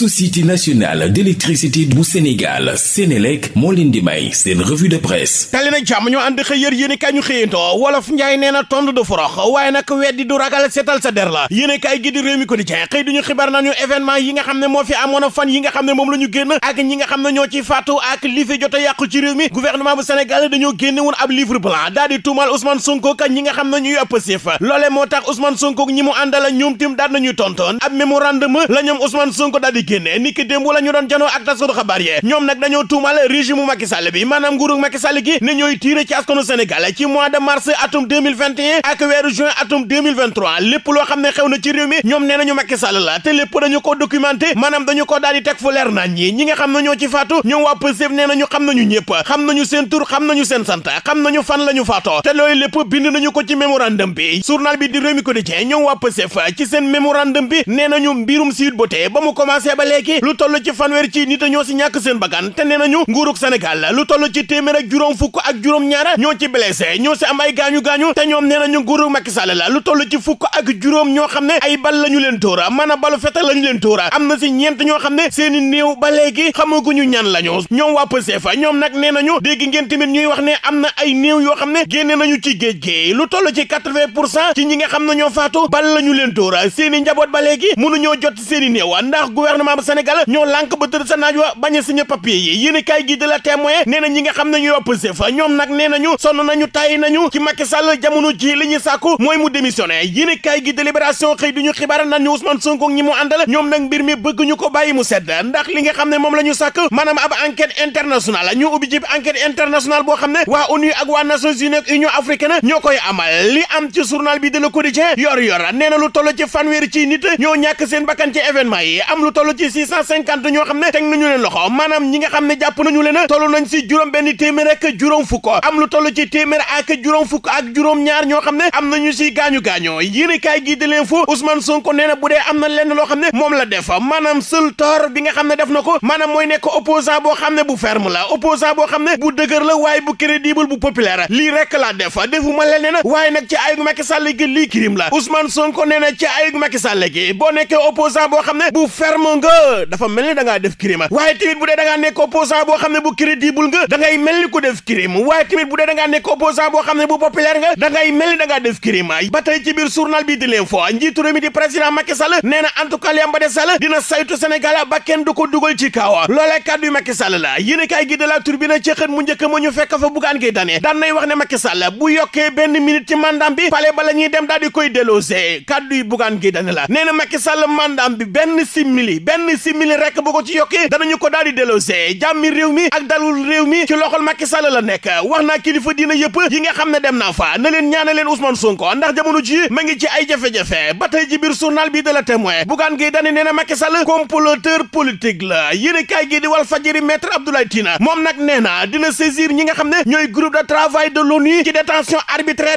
société nationale d'électricité bu Sénégal Sénélec moo leen di may de presse tali nag jàmm ñoo ànd xëy yër yéen i kaay ñu xëyantoo wolof njaay nee tond du forox waaye nag weddi du ragal seetal sa der la yéen i kaay gi réew mi ko di cee xëy duñu xibaar nañu événement yi nga xam ne moo fi amoon fan yi nga xam ne moom la ñu génn ak ñi nga xam ne ñoo ci faatu ak li fi jot a ci réew mi gouvernement bu Sénégal dañoo ñoom tim daal ab mémorandum la ñoom génnee ni ki démb la ñu doon janoo ak taskatu xabaar ñoom nag dañoo tuumal régime Macky bi maanaam nguuru Macky gi ne ñooy tiire ci askanu Sénégal ci mois de mars atum 2021 ak weeru juin atum 2023 lépp loo xam ne xew na ci réew ñoom nee nañu Macky la te lépp dañu ko documenté maanaam dañu ko daal teg fu leer nañ ñi ñi nga xam ne ñoo ci faatu ñoom waa Pastef nee nañu xam nañu ñëpp xam nañu seen tur xam nañu seen sant xam nañu ba léegi lu toll ci fanweer ci nit ñoo si ñàkk seen bakkan te nee nañu nguuruk lu toll ci téeméer juróom fukk ak juróom ñaara ñoo ci blessé ñoo si am ay gaañu-gaañu te ñoom nee nañu nguuruk Macky la lu toll ci fukk ak juróom ñoo xam ne ay bal la ñu leen tóora mën a balu fetal la leen tóora am na si ñeent ñoo xam ne seen i néew ba léegi xamaguñu ñan lañu ñoom waa Pastef ñoom nag nee nañu dégg ngeen tamit ñuy wax ne am na ay néew yoo xam ne génne nañu ci géej gi lu toll ci 80 pour cent ci ñi nga xam ne ñoo faatu bal la ñu leen tóora seen i njaboot ba léegi mënuñoo jot seen i néew ndax gouvernement gouvernement bu Sénégal ñoo lànk wa a signé papier yi yéen i gi de la témoin nee na ñi nga xam ne ñuy opposé ñoom nag nee nañu sonn nañu tàyyi nañu ci Macky Sall ji li ñu mooy mu démissionné yéen i kaay gi de libération xëy du ñu xibaar ñi mu àndal ñoom nag mbir bëgg ñu ko bàyyi mu sedd ndax li nga xam ne moom la ñu sàkk ab enquête internationale ñu ubbi jib enquête internationale boo xam ne waa ONU ak waa Nations Unies ak Union africaine ci six cent cinquante ñoo xam ne teg nañu leen loxo maanaam ñi nga xam ne jàpp nañu leen toll nañ si juróom benn téeméer ak juróom fukk am lu toll ci téeméer ak juróom fukk ak juróom ñaar ñoo xam ne am nañu si gaañu gaañoo yéen kaay gi di leen fu Ousmane Sonko nee na bu dee am na lenn loo xam ne moom la def maanaam seul tort bi nga xam ne def na ko maanaam mooy nekk opposant boo xam ne bu ferme la opposant boo xam ne bu dëgër la waaye bu crédible bu populaire lii rek la def defuma leneen waaye nag ci ayug Macky Sall gi lii crime la Ousmane Sonko nee na ci ayug Macky Sall gi boo nekkee opposant boo nga dafa mel ni da ngaa def crime ah. waaye tamit bu dee da ngaa nekk opposant boo xam ne bu crédible nga da ngay mel ni ku def crime waaye tamit bu dee da ngaa nekk opposant ne xam ne bu populaire nga da ngay mel ni da ngaa def crime ba tey ci biir bi di l'info ah, njiitu réew mi di président Macky Sall nee na en tout cas Liam Mbade Sall dina ba kenn du ko dugal ci kaawa ah. loolee kàddu Macky Sall la yéen a kaay gi de la turbine ci mu njëkk ma ñu fekk fa bugaan ngay dane daan nay wax ne Macky Sall bu yokkee benn minute ci mandaam bi pale ba la ñuy dem daal di koy délosé kàddu yi bugaan ngay dane la nee na Macky Sall mandaam bi benn simili benn simili rek bu ko ci yokki danañu ko daal di délosé mi réew mi ak dalul réew mi ci loxol Macky Sall la nekk wax na kilifa diina yëpp yi nga xam ne dem naa fa na leen ñaana leen Ousmane Sonko ndax jamono ji ma ngi ci ay jafe-jafe ba tey ji biir journal bi de la témoin bugaan gi dane nee na Macky Sall comploteur politique la yéene kaay gi di wal fajiri maître Abdoulaye Tina moom nag nee na dina saisir ñi nga xam ne ñooy groupe de travail de l'ONU ci détention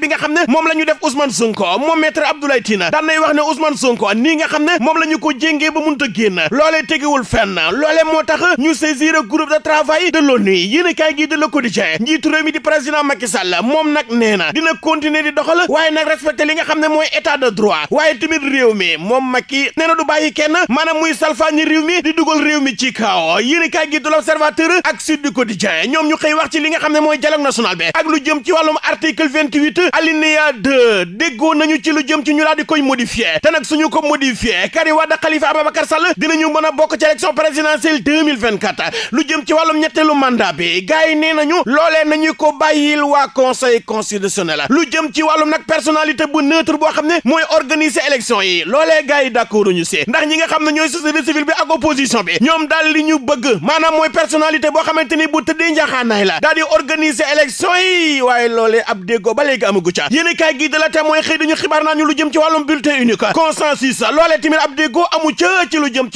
bi nga xam ne moom la ñu def Ousmane Sonko moom maître Abdoulaye nay wax ne Ousmane Sonko nii nga xam ne moom la ñu ko jéngee ba munta génn fenn loole tegewul fenn loole moo tax ñu saisir groupe de travail de l'ONU yéen a kaay gii de Le Quotidien njiitu réew mi di président Macky Sall moom nag neena na dina continuer di doxal waaye nag respecté li nga xam ne mooy état de droit waaye tamit réew mi moom Macky nee na du bàyyi kenn maanaam muy salfaañi réew mi di dugal réew mi ci kaw yéen a kaay gii de L'Observateur ak Sud du Quotidien ñoom ñu xëy wax ci li nga xam ne mooy dialogue national bi ak lu jëm ci wàllum article 28 alinéa 2 déggoo nañu ci lu jëm ci ñu laa koy modifié te nag suñu ko modifié Karim Wade Khalifa Ababacar Sall dinañu mën a bokk ci élection présidentielle 2024 lu jëm ci wàllum ñetteelu mandat bi gars yi nee nañu loolee nañu ko bàyyil waa conseil constitutionnel lu jëm ci wàllum nag personnalité bu neutre boo xam ne mooy organiser élection yi loolee gars yi si ndax ñi nga xam ne ñooy société civile bi ak opposition ñoom daal ñu bëgg maanaam mooy personnalité boo xamante ni bu tëddee njaxaanaay la daal di organiser yi waaye loolee ab déggoo ba léegi gi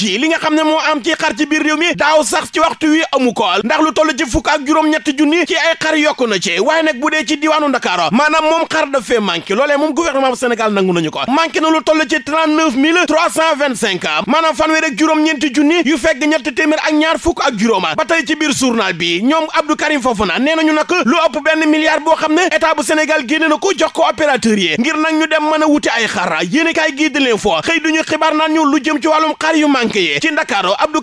ji li nga xam ne moo am ci xar ci biir réew mi daaw sax ci waxtu wi amu ko ndax lu toll ci fukk ak juróom-ñetti junni ci ay xar yokku na ci waaye nag bu dee ci diwaanu Ndakaaru maanaam moom xar daf fee manqué moom gouvernement bu Sénégal nangu nañu ko manqué na lu toll ci 39 325 maanaam fanweer ak juróom-ñeenti junni yu fekk ñetti téeméer ak ñaar fukk ak juróoma ba ci biir journal bi ñoom Abdou Karim Fofana nee nañu xam ne état bu Sénégal génne na ko jox ko opérateur yi ngir nag ñu dem mën a wuti ay xar yéen a kaay gii di lu jëm tànk yi ci Ndakaaru Abdou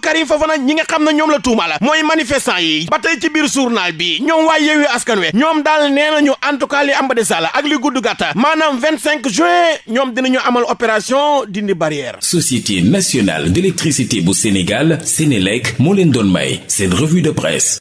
ñi nga xam ne ñoom la tuumaala mooy manifestant yi ba tey ci biir journal bi ñoom waa Yewwi Askan Wi ñoom daal nee nañu en tout cas li am ba des ak li gudd gàtta maanaam 25 juin ñoom dinañu amal opération dindi barrière. Société nationale d'électricité bu Sénégal Sénélec moo leen doon may seen revue de presse.